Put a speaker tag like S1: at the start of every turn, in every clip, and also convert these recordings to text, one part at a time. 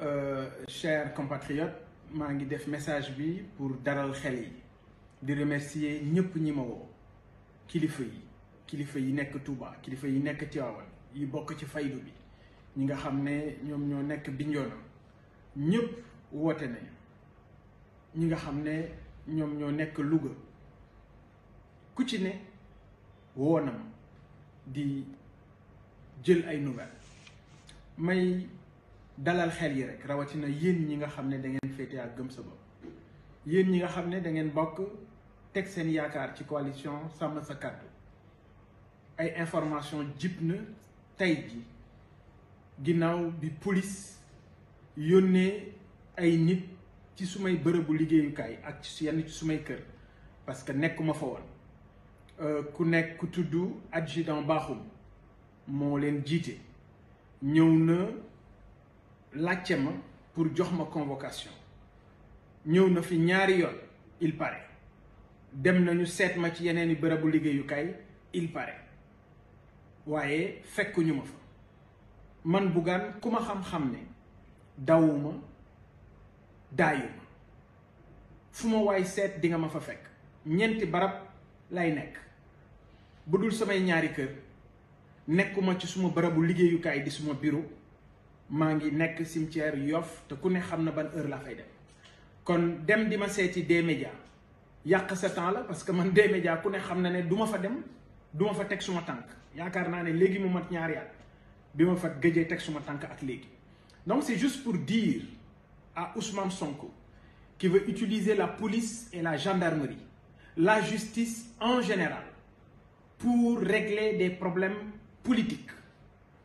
S1: Euh, chers compatriotes mangi message bi pour daral fait di remercier ñëpp fait ma woo kilifa yi kilifa yi qui Touba kilifa yi le Tivaouane yi bokk ci faydu bi di jël ay nouvelles dalal xel yi rek rawatina yéen ñi nga xam ne da ngeen féete ak gëm sa bopp yéen ñi nga xam ne da ngeen bokk teg seen yaakaar ci coalition sàmm sa kàddu ay information jib na tey ji ginnaaw bi police yónnee ay nit ci sumay bërëbu liggéeyukaay ak ci yenn ci sumay kër parce que nekkuma fa woon euh, ku nekk ku tudd adjudant baaxum moo leen jiite ñëw na laajte ma pour jox ma convocation ñëw na fi ñaari yoon il paraît dem nañu seet ma ci yeneen i bërëbu liggéeyukaay il paraît waaye fekkuñu ma fa man Bougane ku ma xam-xam ne dawuma daayuma fu ma waay seet dinga ma fa fekk ñeenti barab lay nekk bu dul samay ñaari kër nekkuma ci suma barabu liggéeyukaay di suma bureau mangi nek cimetière Yoff te ku ne xam ban heure la fay dem kon dem dima setti des médias yak sa temps la parce que man des médias ku ne xam ne duma fa dem duma fa tek suma tank yaakaar naa ne legui mu mat ñaar at bima fa gëjee tek suma tank ak legui donc c'est juste pour dire à Ousmane Sonko qui veut utiliser la police et la gendarmerie la justice en général pour régler des problèmes politiques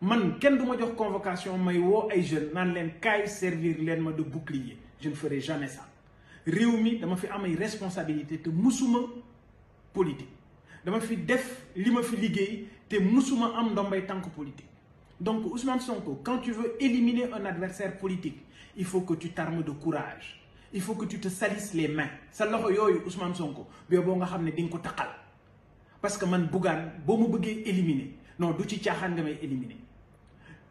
S1: man ken douma jox convocation may wo ay jeunes nan len kay servir len ma de bouclier je ne ferai jamais ça réew mi dama fi am ay responsabilité te musuma politique dama fi def li ma fi liguey te musuma am ndombay tànk politique donc Ousmane Sonko quand tu veux éliminer un adversaire politique il faut que tu t'armes de courage il faut que tu te salisses les mains sa loxo yooyu Ousmane Sonko boo bo nga xamné ne ko takal parce que man Bougane bo mu éliminer non du ci caaxaan nga may éliminer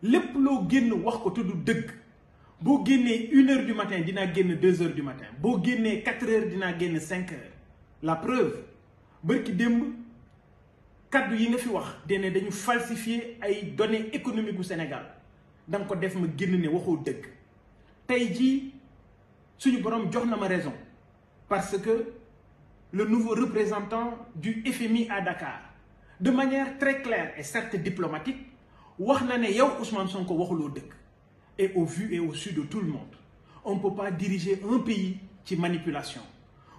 S1: lepp lo génn wax ko te du dëgg boo génnee une heure du matin dinaa génn deux heures du matin vous génnee quatre heures dinaa génn cinq heures la preuve barki démb kaddu yi nga fi wax dene dañu falsifier ay données économiques bu Sénégal da ko def ma génn ne waxoo dëgg tey jii suñu borom jox na ma raison parce que le nouveau représentant du FMI à Dakar de manière très claire et certes diplomatique wax na yow Ousmane Sonko waxulo deug et au vu et au su de tout le monde on ne peut pas diriger un pays ci manipulation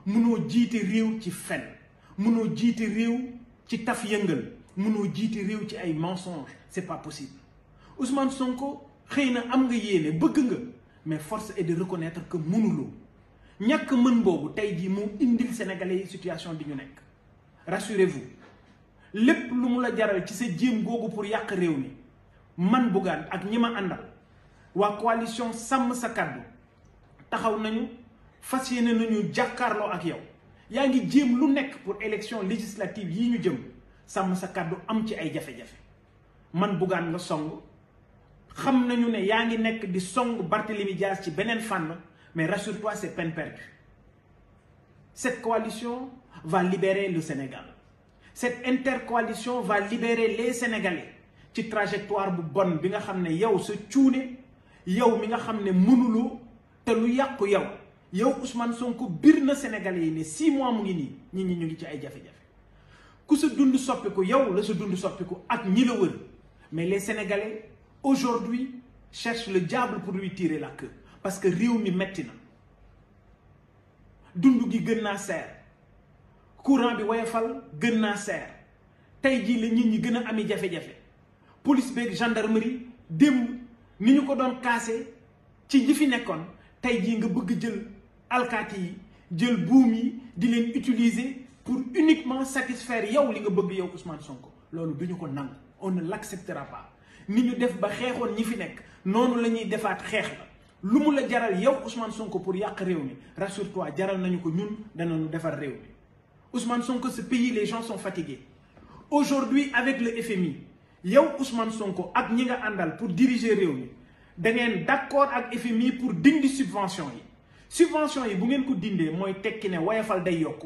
S1: mënoo jité réew ci fen mënoo jité réew ci taf yëngal mënoo jité réew ci ay mensonges c'est pas possible Ousmane Sonko xeyna am nga yéné bëgg nga mais force est de reconnaître que mënulo ñak mën boobu tey jii moo indil sénégalais situation bi ñu rassurez-vous lepp lu mu la jaral ci sa jéem gogu pour yak réew ni man Bougane ak ñima andal wa coalition sam sa kàddu taxaw nañu fas nañu jim ak yow yaangi jëm lu nekk pour élection législative yi ñu jëm sam sa kàddu am ci ay jafé jafé man Bougane nga song xam nañu ne yaangi nekk di song Barthélémy Dias ci benen fan mais rassure-toi c'est peine perdue cette coalition va libérer le Sénégal cette intercoalition va libérer les Sénégalais ci trajectoire bu bonne bi nga xam yow sa cuune yow mi nga xam ne mënuloo te lu yaq yow yow Ousmane Sonko birna na Sénégalais yi ne six mois mu ngi ni ñi ñi ñu ngi ci ay jafé jafé ku sa dund ko yow la sa dund ko ak ñi la wër mais les Sénégalais aujourd'hui cherchent le diable pour lui tirer la queue parce que réew mi metti na dundu gi gën naa seer courant bi wayfal gën naa seer la ñi ñi gëna a ami jafé police gendarmerie dem niñu ko don ci ñi fi nekkon tay ji nga bëgg utiliser pour uniquement satisfaire yow li nga bëgg Ousmane Sonko loolu ko on ne l'acceptera pas def ba ñi fi nekk nonu lañuy defaat la la Sonko pour Yak rew rassure-toi jaral nañu ko ñun Ousmane Sonko ce pays les gens sont fatigués aujourd'hui avec le yow Ousmane Sonko ak ñi nga andal pour diriger réew mi da ngeen d'accord ak FMI pour dindi subvention yi subvention yi bu ngeen ko dindé moy tekki ne woyofal day yokk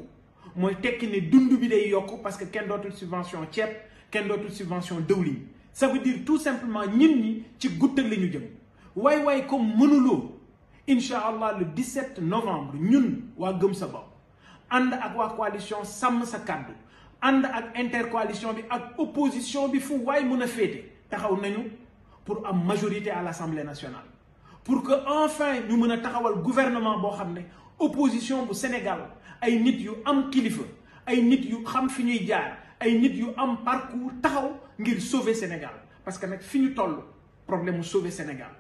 S1: moy tekki ne dund bi day yokk parce que kenn dootul subvention ceeb kenn dootul subvention dëwlin ça veut dire tout simplement ñin ñi ci guttal li jëm way way comme mënulo inshallah le 17 novembre ñun wa Gëm sa Bopp and ak wa coalition Sam sa kàddu and ak intercoalition bi ak opposition bi nous way mën a taxaw nañu pour am majorité à l'Assemblée nationale pour que enfin puissions mën taxawal gouvernement qui xamné opposition bu Sénégal ay nit yu am kilifa ay nit yu xam fi ñuy jaar ay nit yu am parcours taxaw ngir sauver Sénégal parce que nak fi ñu le problème pour sauver Sénégal